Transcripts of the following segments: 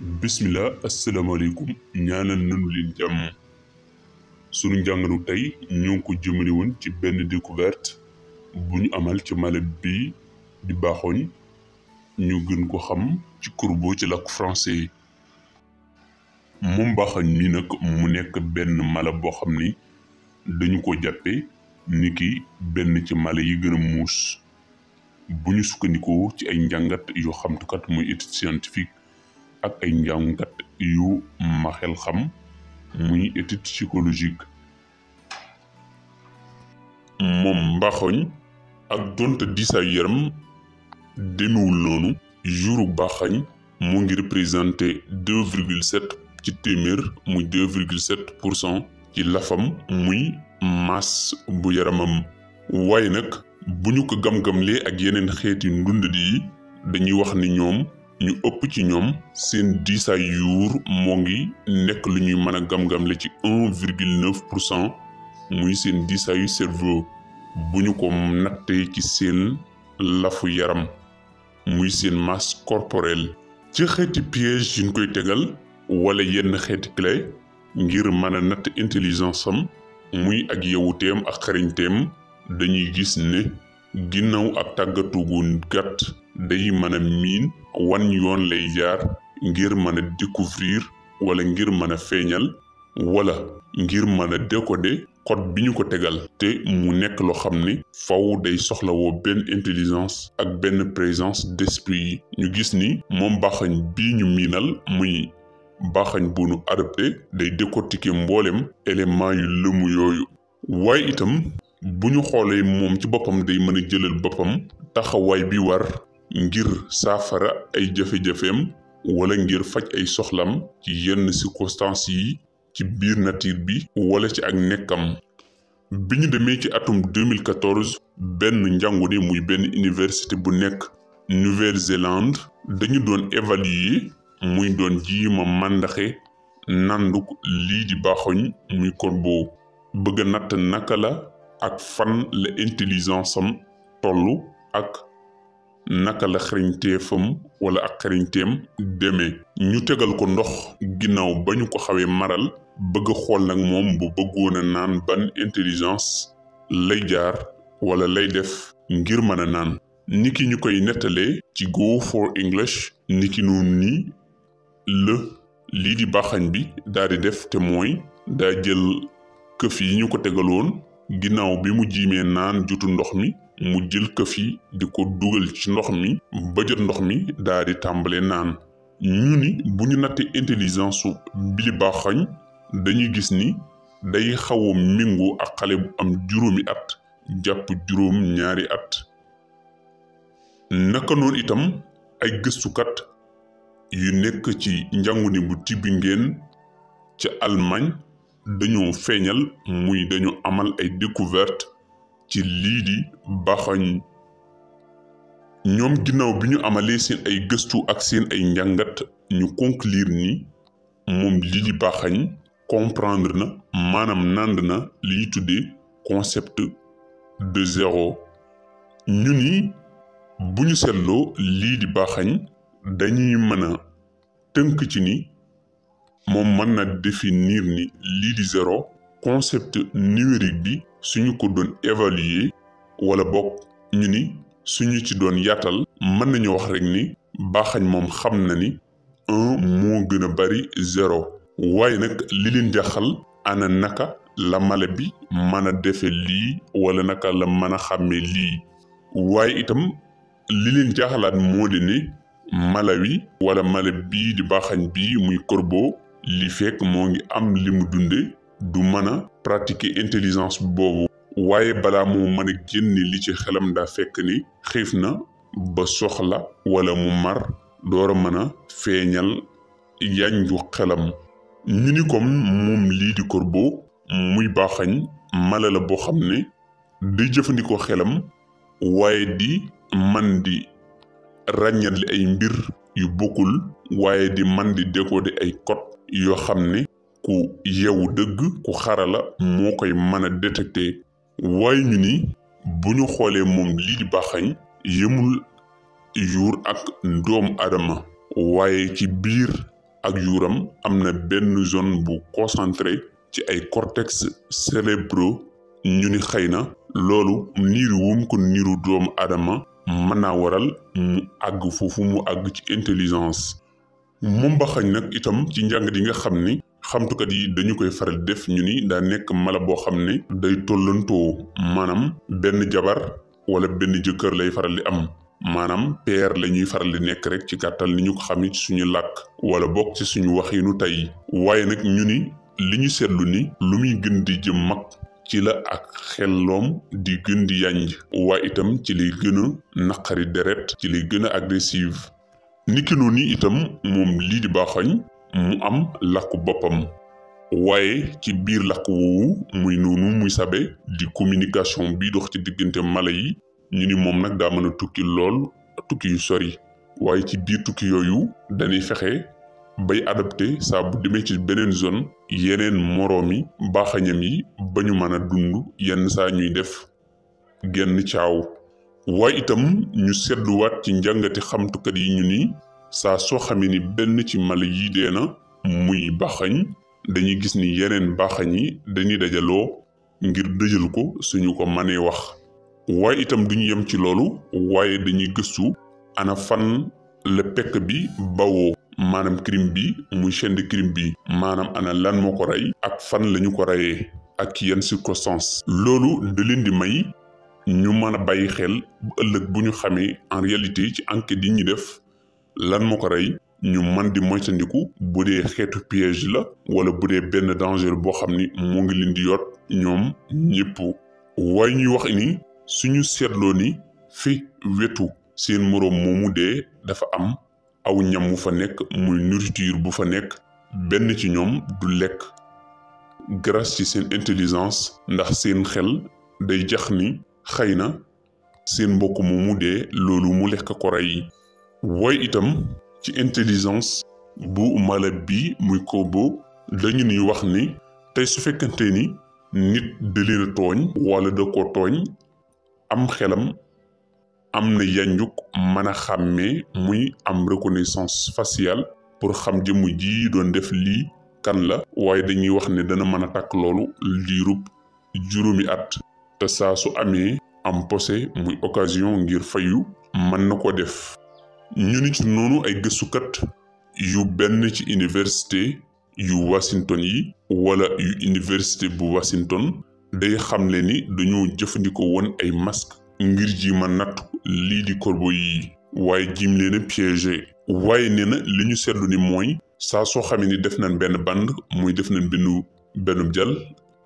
bismillah asalaamaaleykum ñaanal nanu leen jàmm sunu njàngatu tey ñu ko jëmale woon ci benn découverte bu ñu amal ci mala bi di baaxooñ ñu gën ko xam ci corbeau ci làkku français moom baaxooñ mi nag mu nekk benn mala boo xam ni dañu ko jàppe ni ki benn ci mala yi gën a muus bu ñu sukkandikoo ci ay njàngat yoo xamtukat muy étude scientifique ak ay njàngkat yu ma xel xam muy étude psychologique moom mbaxoñ ak donte diisaayu yaram demewul noonu juru baaxañ mu ngi représenté deux virgule sept ci téeméer muy deux pour cent ci lafam muy masse bu yaramam waaye nag bu ñu ko gam-gamlee ak yeneen xeeti ndund yi dañuy wax ni ñoom ñu ëpp ci ñoom seen diisaay yuur moo ngi nekk lu ñuy mën a gam-gamle ci un virgule muy seen diisaayu cerveau bu ñu ko nattee ci seen lafu yaram muy seen masse corporelle. ci xeeti piège yuñ koy tegal wala yenn xeeti clé ngir mën a natt intelligence am muy ak yewuteem ak xariñteem dañuy gis ne ginnaaw ak tàggatu gu gàtt. day mën a miin wan yoon lay jaar ngir mën a découvrir wala ngir mën a feeñal wala ngir mën a décoder code bi ñu ko tegal te mu nekk loo xam ni faw day soxlawoo benn intelligence ak benn présence d'esprit yi ñu gis ni moom baaxañ bi ñu miinal muy baaxañ bu nu adopté day décortiquer mbooleem élément yu lëmu yooyu waaye itam bu ñu xoolee moom ci boppam day mën a jëlal boppam taxawaay bi war ngir saafara ay jafe-jafeem wala ngir faj ay soxlam ci yenn circonstances yi ci biir natiire bi wala ci ak nekkam bi ñu demee ci atum 2014 benn njàngu ne muy benn iniversité bu nekk Nouvelle-Zélande dañu doon évaluer muy doon jiima màndaxe nanduk lii di baaxoñ muy corbeau bëgg a natt naka la ak fan la intelligence am tollu ak naka la xariñteefam wala ak xariñteem demee ñu tegal ko ndox ginnaaw ba ñu ko xawee maral bëgg xool nag moom bu bëggoon a naan ban intelligence lay jaar wala lay def ngir mën a naan ki ñu koy nettalee ci Go for English niki noonu nii la lii di baaxañ bi daal di def te mooy daa jël këf yi ñu ko tegaloon ginnaaw bi mu jiimee naan jutu ndox mi mu jël këf di ko dugal ci ndox mi ba jot ndox mi daa di tàmbale naan ñu ni bu ñu nattee intelligence su dañuy gis ni day xaw a ak xale bu am juróomi at jàpp juróom ñaari at naka noonu itam ay gëstukat yu nekk ci njàngu ni bu Tübingen ca Allemagne dañoo feeñal muy dañu amal ay découverte ci di Baxañ ñoom ginnaaw bi ñu amalee seen ay gëstu ak seen ay njàngat ñu conclure ni moom lii di Baxañ comprendre na maanaam nànd na li ñu tuddee concept de zéro ñu ni bu seetloo lii di Baxañ dañuy mën a tënk ci ni moom mën na définir ni lii di zéro concept numérique bi suñu ko doon évaluer wala bokk ñu ni suñu ci doon yaatal mën nañu wax rek ni baaxañ moom xam na ni un moo gën a bari zéro waaye nag li leen jaxal ana naka la mala bi mën a defe lii wala naka la mën a xàmmee lii waaye itam li leen jaaxalaat moo di ne mala wi wala mala bii di baaxañ bii muy korbo li fekk moo ngi am li mu dunde du mën a pratiquer intelligence boobu waaye balaa moo mën a génne li ci xelam daa fekk ni xiif na ba soxla walla mu mar door a mën a feeñal yanju xelam ñu ni comme moom lii di corbeau muy baaxañ mala la boo xam ne di jëfandikoo xelam waaye di man di ràññat li ay mbir yu bokkul waaye di man di di ay code yoo xam ne ku yeewu dëgg ku xarala moo koy mën a détecté waaye ñu ni bu ñu xoolee moom lii di baaxañ yëmul yuur ak doomu aadama waaye ci biir ak yuuram am na benn zone bu concentré ci ay cortex cérébraux ñu ni xëy na loolu niiru wum ko niiru doomu aadama mën naa waral mu àgg foofu mu àgg ci intelligence moom baaxañ nag itam ci njàng di nga xam ni xamtukat yi dañu koy faral def ñu ni daa nekk mala boo xam ne day tollantoo maanaam benn jabar wala benn jëkkër lay faral di am maanaam peer la ñuy faral di nekk rek ci gàttal ni ñu ko xam ci suñu làkk wala bokk ci suñu waxiinu tey waaye nag ñu ni li ñu seetlu ni lu muy gën di jëm mag ci la ak xelloom di gën di yànj waa itam ci lay gën a naqari deret ci lay gën a agressive niki noonu itam moom lii di baaxoñ mu am làkku boppam waaye ci biir làkk woowu muy noonu muy sabe di communication bii dox ci diggante mala yi ñu ni moom nag daa mën a tukki lool tukki yu sori waaye ci biir tukki yooyu dañuy fexe bay adapté saa bu demee ci beneen zone yeneen moroom yi baaxañam yi ba ñu mën a dund yenn saa ñuy def genn caaw waaye itam ñu sedduwaat ci njàngati xamtukat yi ñu ni saa soo xamee ni benn ci mala yi dee na muy baxañ dañuy gis ni yeneen baxañ yi dañuy dajaloo ngir dëjal ko suñu ko mënee wax waaye itam duñu yem ci loolu waaye dañuy gëstu ana fan la pekk bi bawoo maanaam crime bi muy chaîne de crime bi maanaam ana lan moo ko rey ak fan lañu ko reyee ak yan circonstance loolu da leen di may ñu mën a bàyyi xel ëllëg bu ñu xamee en réalité ci enquête yi ñu def lan moo ko rey ñu man di moytandiku bu dee xeetu piège la wala bu dee benn danger boo xam ni mu ngi leen di yot ñoom ñëpp waaye ñuy wax ni suñu seetloo ni fi wetu seen moroom moomu dee dafa am aw ñam wu fa nekk muy nourriture bu fa nekk benn ci ñoom du lekk grâce ci seen intelligence ndax seen xel day jax ni xëy na seen mbokk moomu dee loolu mu lekk ko rey waaye itam ci intelligence bu malade bi muy Kobo dañu ñuy wax ni tey su fekkante ni nit de leen a tooñ wala da ko tooñ am xelam am na yanjuk mën a xàmmee muy am reconnaissance faciale pour xam jëmu ji doon def lii kan la waaye dañuy wax ne dana mën a takk loolu diirub juróomi at te saa su amee am posé muy occasion ngir fayu mën na def ñu ci noonu ay gëstukat yu benn ci université yu Washington yi walla yu université bu Washington day xamle ni dañoo jëfandikoo woon ay masque ngir ji ma natt lii di corbeau yi waaye jim leen a waaye nee na li ñu seetlu ni mooy saa soo xamee ni def nañ benn band muy def nañ benn benn jàll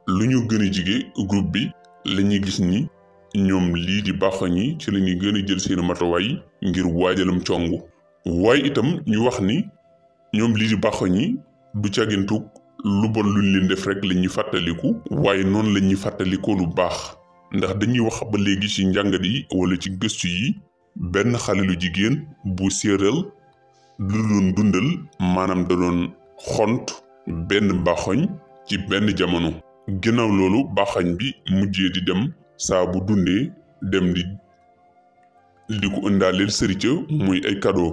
lu ñu gën a jige groupe bi la gis ni ñoom lii di baaxoñ yi ci la ñuy gën a jël seen matuwaay ngir waajalam congu waaye itam ñu wax ni ñoom lii di baaxoñ yi du càggintug lu bon luñ leen def rekk lañuy ñuy fàttaliku waaye noonu lañuy ñuy fàttalikoo lu baax ndax dañuy wax ba léegi ci njàngat yi wala ci gëstu yi benn xale lu jigéen bu séeral lu doon dundal maanaam da doon xont benn baaxoñ ci benn jamono ginnaaw loolu baaxoñ bi mujjee di dem saabu bu dundee dem di di ko ëndaaleel sëricë hmm. muy ay cadeau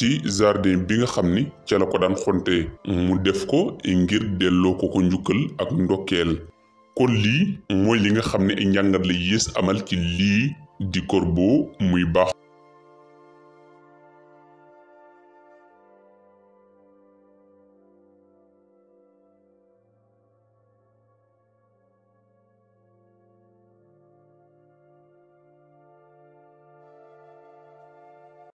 ci jardin bi nga xam ni ca la ko daan xontee hmm. mu def ko ngir delloo ko ko njukkal ak ndokkeel kon lii hmm. mooy li nga xam ne ay njàngat la yées amal ci lii di Corbeau muy baax